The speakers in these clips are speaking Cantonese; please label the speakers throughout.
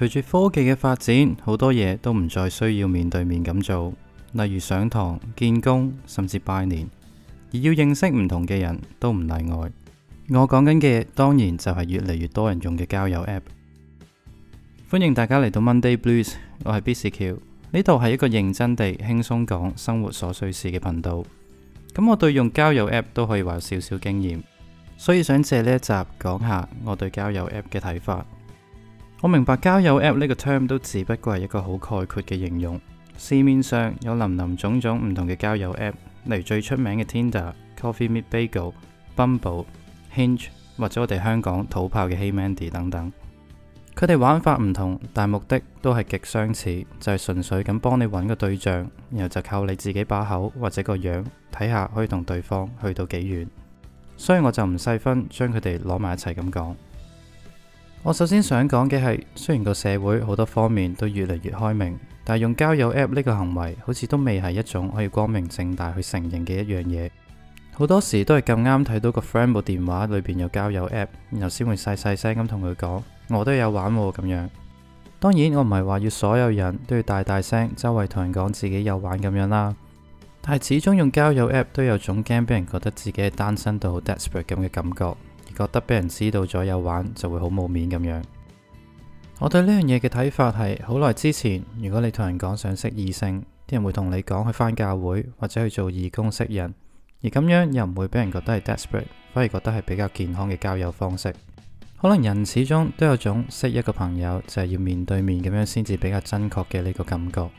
Speaker 1: 隨住科技嘅發展，好多嘢都唔再需要面對面咁做，例如上堂、見工，甚至拜年，而要認識唔同嘅人都唔例外。我講緊嘅當然就係越嚟越多人用嘅交友 App。歡迎大家嚟到 Monday Blues，我係 Bissie 呢度係一個認真地輕鬆講生活瑣碎事嘅頻道。咁我對用交友 App 都可以話有少少經驗，所以想借呢一集講一下我對交友 App 嘅睇法。我明白交友 App 呢個 term 都只不過係一個好概括嘅形容，市面上有林林種種唔同嘅交友 App，例如最出名嘅 Tinder、Coffee Meet Bagel、Bumble、Hinge 或者我哋香港土炮嘅 Hey Mandy 等等。佢哋玩法唔同，但目的都係極相似，就係、是、純粹咁幫你搵個對象，然後就靠你自己把口或者個樣睇下可以同對方去到幾遠。所以我就唔細分，將佢哋攞埋一齊咁講。我首先想講嘅係，雖然個社會好多方面都越嚟越開明，但係用交友 app 呢個行為，好似都未係一種可以光明正大去承認嘅一樣嘢。好多時都係咁啱睇到個 friend 部電話裏邊有交友 app，然後先會細細聲咁同佢講，我都有玩喎、哦、咁樣。當然，我唔係話要所有人都要大大聲周圍同人講自己有玩咁樣啦。但係始終用交友 app 都有種驚俾人覺得自己係單身到好 desperate 咁嘅感覺。覺得俾人知道咗有玩就會好冇面咁樣。我對呢樣嘢嘅睇法係好耐之前，如果你同人講想識異性，啲人會同你講去返教會或者去做義工識人，而咁樣又唔會俾人覺得係 desperate，反而覺得係比較健康嘅交友方式。可能人始終都有種識一個朋友就係要面對面咁樣先至比較真確嘅呢個感覺。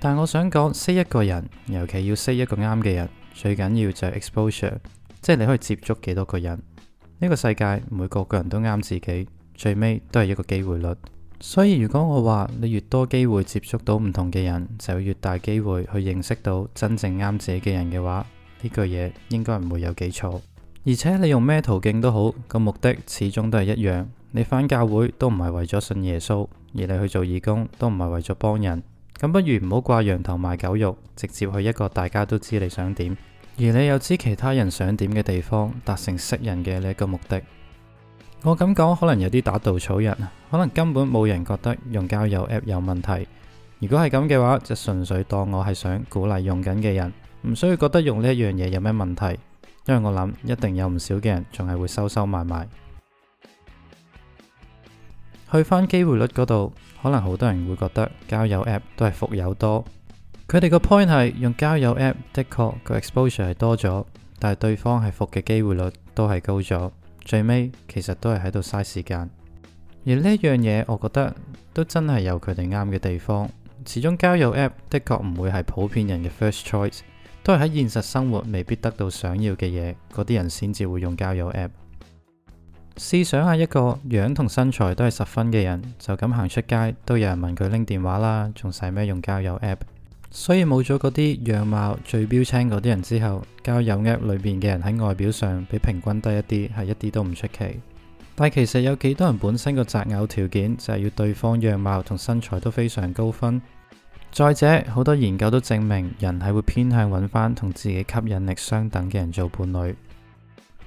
Speaker 1: 但我想講，識一個人，尤其要識一個啱嘅人，最緊要就係 exposure，即係你可以接觸幾多個人。呢個世界每個個人都啱自己，最尾都係一個機會率。所以如果我話你越多機會接觸到唔同嘅人，就越大機會去認識到真正啱自己嘅人嘅話，呢句嘢應該唔會有記錯。而且你用咩途徑都好，個目的始終都係一樣。你返教會都唔係為咗信耶穌，而你去做義工都唔係為咗幫人。咁不如唔好掛羊頭賣狗肉，直接去一個大家都知你想點。而你又知其他人想點嘅地方，達成識人嘅呢一個目的。我咁講，可能有啲打稻草人，可能根本冇人覺得用交友 app 有問題。如果係咁嘅話，就純粹當我係想鼓勵用緊嘅人，唔需要覺得用呢一樣嘢有咩問題。因為我諗，一定有唔少嘅人仲係會收收埋埋。去返機會率嗰度，可能好多人會覺得交友 app 都係服友多。佢哋個 point 係用交友 app 的確個 exposure 係多咗，但係對方係服嘅機會率都係高咗。最尾其實都係喺度嘥時間。而呢樣嘢，我覺得都真係有佢哋啱嘅地方。始終交友 app 的確唔會係普遍人嘅 first choice，都係喺現實生活未必得到想要嘅嘢，嗰啲人先至會用交友 app。試想下一個樣同身材都係十分嘅人，就咁行出街都有人問佢拎電話啦，仲使咩用交友 app？所以冇咗嗰啲樣貌最標青嗰啲人之後，交友 App 裏邊嘅人喺外表上比平均低一啲，係一啲都唔出奇。但其實有幾多人本身個擇偶條件就係要對方樣貌同身材都非常高分。再者，好多研究都證明人係會偏向揾翻同自己吸引力相等嘅人做伴侶。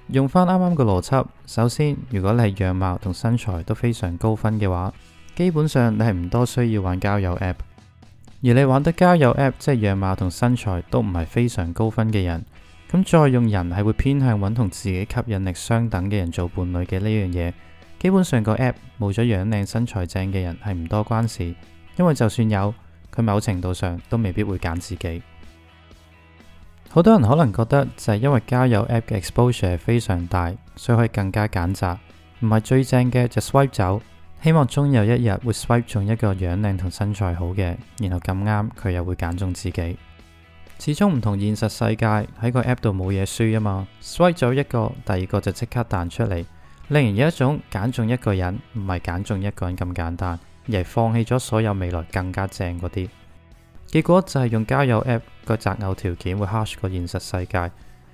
Speaker 1: 用翻啱啱個邏輯，首先如果你係樣貌同身材都非常高分嘅話，基本上你係唔多需要玩交友 App。而你玩得交友 App，即係樣貌同身材都唔係非常高分嘅人，咁再用人係會偏向揾同自己吸引力相等嘅人做伴侶嘅呢樣嘢，基本上個 App 冇咗樣靚、身材正嘅人係唔多關事，因為就算有，佢某程度上都未必會揀自己。好多人可能覺得就係因為交友 App 嘅 exposure 係非常大，所以可以更加揀擇，唔係最正嘅就 Swipe 走。希望終有一日會 swipe 中一個樣靚同身材好嘅，然後咁啱佢又會揀中自己。始終唔同現實世界，喺個 app 度冇嘢輸啊嘛，swipe 咗一個，第二個就即刻彈出嚟，令人有一種揀中一個人唔係揀中一個人咁簡單，而係放棄咗所有未來更加正嗰啲。結果就係用交友 app 個擇偶條件會 harsh 過現實世界，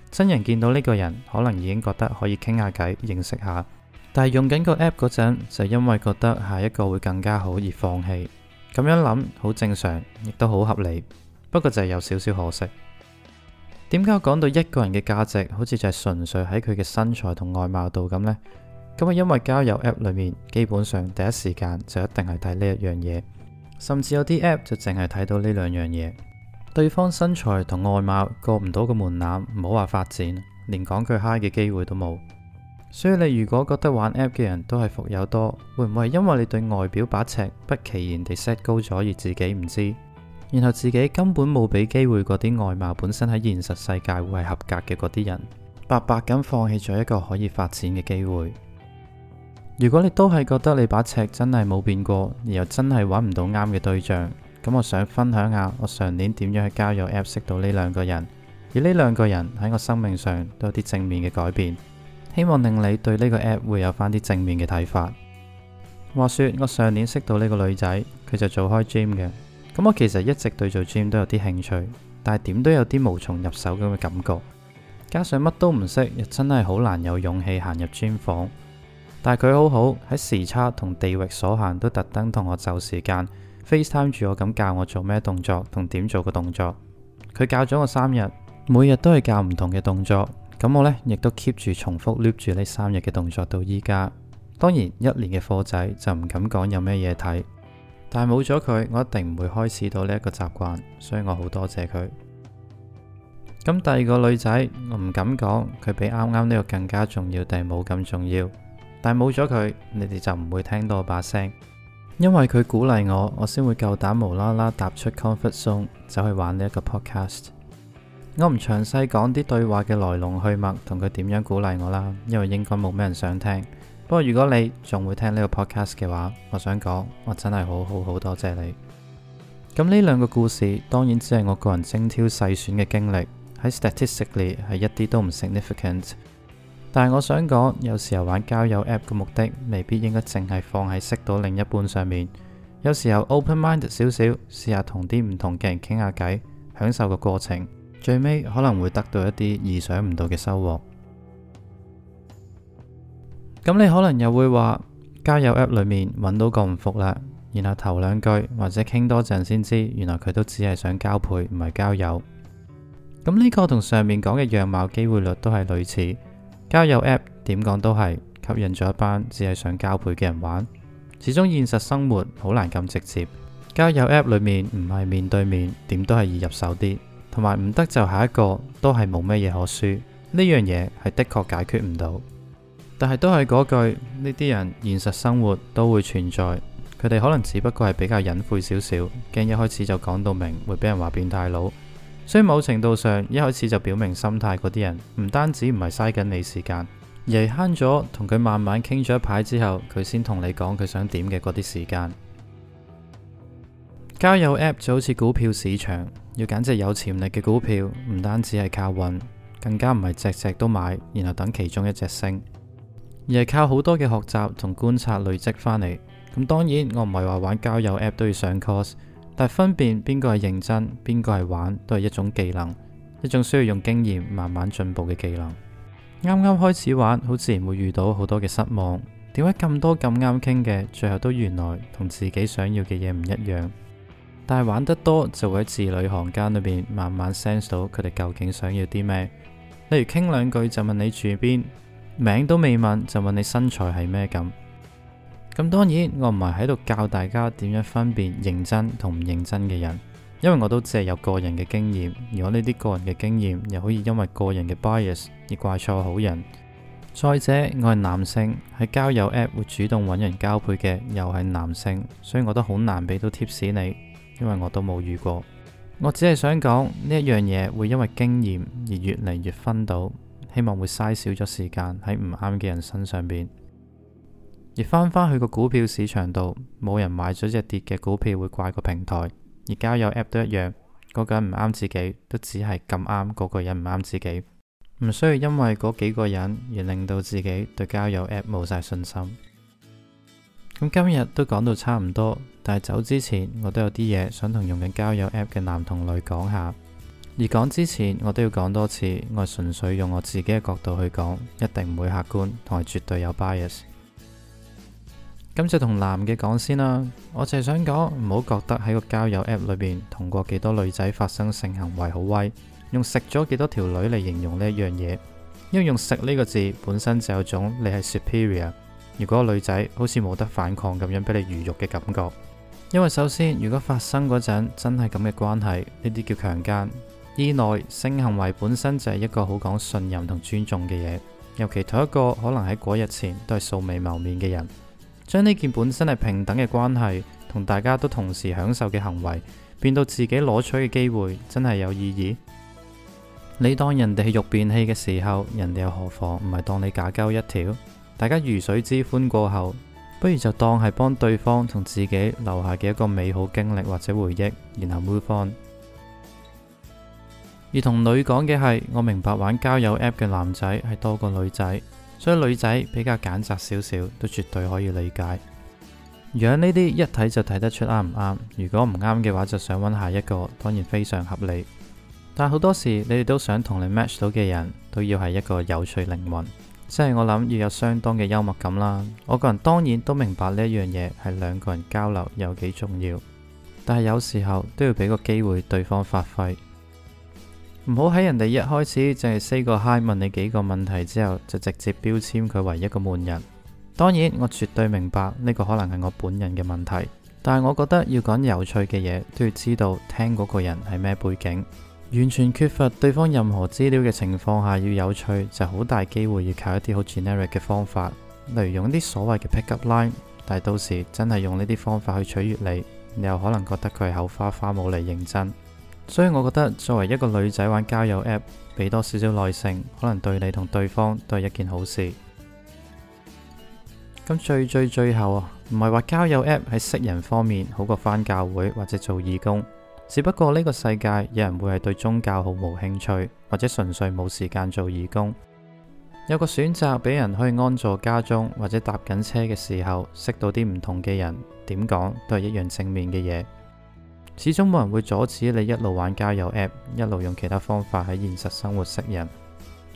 Speaker 1: 真人見到呢個人，可能已經覺得可以傾下偈認識下。但係用緊個 app 嗰陣，就因為覺得下一個會更加好而放棄，咁樣諗好正常，亦都好合理。不過就係有少少可惜。點解我講到一個人嘅價值，好似就係純粹喺佢嘅身材同外貌度咁呢？咁啊，因為交友 app 裏面，基本上第一時間就一定係睇呢一樣嘢，甚至有啲 app 就淨係睇到呢兩樣嘢。對方身材同外貌過唔到個門檻，唔好話發展，連講句嗨嘅機會都冇。所以你如果覺得玩 app 嘅人都係浮友多，會唔會係因為你對外表把尺不其然地 set 高咗而自己唔知，然後自己根本冇俾機會嗰啲外貌本身喺現實世界會係合格嘅嗰啲人，白白咁放棄咗一個可以發展嘅機會？如果你都係覺得你把尺真係冇變過，而又真係揾唔到啱嘅對象，咁我想分享下我上年點樣去交友 app 識到呢兩個人，而呢兩個人喺我生命上都有啲正面嘅改變。希望令你對呢個 app 會有翻啲正面嘅睇法。話說我上年識到呢個女仔，佢就做開 gym 嘅。咁我其實一直對做 gym 都有啲興趣，但係點都有啲無從入手咁嘅感覺。加上乜都唔識，又真係好難有勇氣行入 gym 房。但係佢好好喺時差同地域所限，都特登同我就時間 FaceTime 住我，咁教我做咩動作同點做個動作。佢教咗我三日，每日都係教唔同嘅動作。咁我呢，亦都 keep 住重複 lift 住呢三日嘅動作到依家。當然一年嘅課仔就唔敢講有咩嘢睇，但係冇咗佢，我一定唔會開始到呢一個習慣，所以我好多謝佢。咁第二個女仔，我唔敢講佢比啱啱呢個更加重要定係冇咁重要，但係冇咗佢，你哋就唔會聽到我把聲，因為佢鼓勵我，我先會夠膽無啦啦踏出 comfort zone 走去玩呢一個 podcast。我唔詳細講啲對話嘅來龍去脈，同佢點樣鼓勵我啦，因為應該冇咩人想聽。不過如果你仲會聽呢個 podcast 嘅話，我想講我真係好好好多謝你。咁呢兩個故事當然只係我個人精挑細選嘅經歷，喺 statistically 係一啲都唔 significant。但係我想講，有時候玩交友 app 嘅目的未必應該淨係放喺識到另一半上面，有時候 open mind 少少，試下同啲唔同嘅人傾下偈，享受個過程。最尾可能會得到一啲意想唔到嘅收穫。咁你可能又會話交友 App 裏面揾到個唔服啦，然後頭兩句或者傾多陣先知，原來佢都只係想交配，唔係交友。咁呢個同上面講嘅樣貌機會率都係類似。交友 App 點講都係吸引咗一班只係想交配嘅人玩。始終現實生活好難咁直接，交友 App 裏面唔係面對面，點都係易入手啲。同埋唔得就下一個都係冇咩嘢，可輸呢樣嘢，係的確解決唔到，但係都係嗰句，呢啲人現實生活都會存在，佢哋可能只不過係比較隱晦少少，驚一開始就講到明會俾人話變態佬，所以某程度上一開始就表明心態嗰啲人，唔單止唔係嘥緊你時間，而係慳咗同佢慢慢傾咗一排之後，佢先同你講佢想點嘅嗰啲時間。交友 app 就好似股票市場，要揀隻有潛力嘅股票，唔單止係靠運，更加唔係隻隻都買，然後等其中一隻升，而係靠好多嘅學習同觀察累積翻嚟。咁當然我唔係話玩交友 app 都要上 course，但分辨邊個係認真，邊個係玩，都係一種技能，一種需要用經驗慢慢進步嘅技能。啱啱開始玩，好自然會遇到好多嘅失望，點解咁多咁啱傾嘅，最後都原來同自己想要嘅嘢唔一樣。但係玩得多就會喺字裏行間裏邊慢慢 sense 到佢哋究竟想要啲咩。例如傾兩句就問你住邊，名都未問就問你身材係咩咁。咁當然我唔係喺度教大家點樣分辨認真同唔認真嘅人，因為我都只係有個人嘅經驗。而我呢啲個人嘅經驗又可以因為個人嘅 bias 而怪錯好人。再者我係男性喺交友 app 會主動揾人交配嘅，又係男性，所以我都好難俾到貼士你。因為我都冇遇過，我只係想講呢一樣嘢會因為經驗而越嚟越分到，希望會嘥少咗時間喺唔啱嘅人身上邊。而返返去個股票市場度，冇人買咗隻跌嘅股票會怪個平台，而交友 App 都一樣，嗰個人唔啱自己都只係咁啱嗰個人唔啱自己，唔需要因為嗰幾個人而令到自己對交友 App 冇晒信心。咁今日都講到差唔多，但係走之前我都有啲嘢想同用緊交友 app 嘅男同女講下。而講之前我都要講多次，我純粹用我自己嘅角度去講，一定唔會客觀，同埋絕對有 bias。咁就同男嘅講先啦，我淨係想講唔好覺得喺個交友 app 裏面同過幾多女仔發生性行為好威，用食咗幾多條女嚟形容呢一樣嘢，因為用食呢個字本身就有種你係 superior。如果女仔好似冇得反抗咁樣俾你魚肉嘅感覺，因為首先如果發生嗰陣真係咁嘅關係，呢啲叫強奸。二來性行為本身就係一個好講信任同尊重嘅嘢，尤其同一個可能喺嗰日前都係素未謀面嘅人，將呢件本身係平等嘅關係，同大家都同時享受嘅行為，變到自己攞取嘅機會真係有意義。你當人哋係肉便器嘅時候，人哋又何妨唔係當你假交一條？大家魚水之歡過後，不如就當係幫對方同自己留下嘅一個美好經歷或者回憶，然後 move on。而同女講嘅係，我明白玩交友 app 嘅男仔係多過女仔，所以女仔比較揀擇少少，都絕對可以理解。樣呢啲一睇就睇得出啱唔啱，如果唔啱嘅話，就想揾下一個，當然非常合理。但好多時，你哋都想同你 match 到嘅人都要係一個有趣靈魂。即係我諗要有相當嘅幽默感啦。我個人當然都明白呢一樣嘢係兩個人交流有幾重要，但係有時候都要俾個機會對方發揮，唔好喺人哋一開始淨係 say 個 hi 問你幾個問題之後就直接標籤佢為一個悶人。當然我絕對明白呢個可能係我本人嘅問題，但係我覺得要講有趣嘅嘢都要知道聽嗰個人係咩背景。完全缺乏對方任何資料嘅情況下，要有趣就好大機會要靠一啲好 generic 嘅方法，例如用啲所謂嘅 pick up line，但係到時真係用呢啲方法去取悅你，你又可能覺得佢口花花冇嚟認真。所以，我覺得作為一個女仔玩交友 app，俾多少少耐性，可能對你同對方都係一件好事。咁最最最最後啊，唔係話交友 app 喺識人方面好過返教會或者做義工。只不過呢個世界有人會係對宗教毫無興趣，或者純粹冇時間做義工。有個選擇俾人可以安坐家中，或者搭緊車嘅時候識到啲唔同嘅人，點講都係一樣正面嘅嘢。始終冇人會阻止你一路玩交友 app，一路用其他方法喺現實生活識人。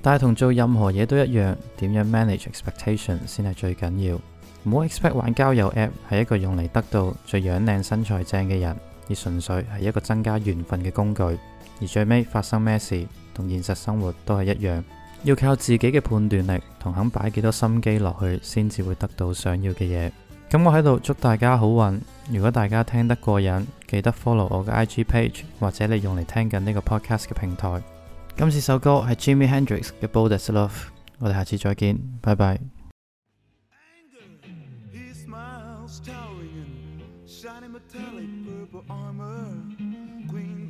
Speaker 1: 但係同做任何嘢都一樣，點樣 manage expectation 先係最緊要。唔好 expect 玩交友 app 係一個用嚟得到最樣靚、身材正嘅人。而純粹係一個增加緣分嘅工具，而最尾發生咩事，同現實生活都係一樣，要靠自己嘅判斷力同肯擺幾多心機落去，先至會得到想要嘅嘢。咁我喺度祝大家好運。如果大家聽得過癮，記得 follow 我嘅 IG page 或者你用嚟聽緊呢個 podcast 嘅平台。今次首歌係 Jimi Hendrix 嘅《Bold as Love》。我哋下次再見，拜拜。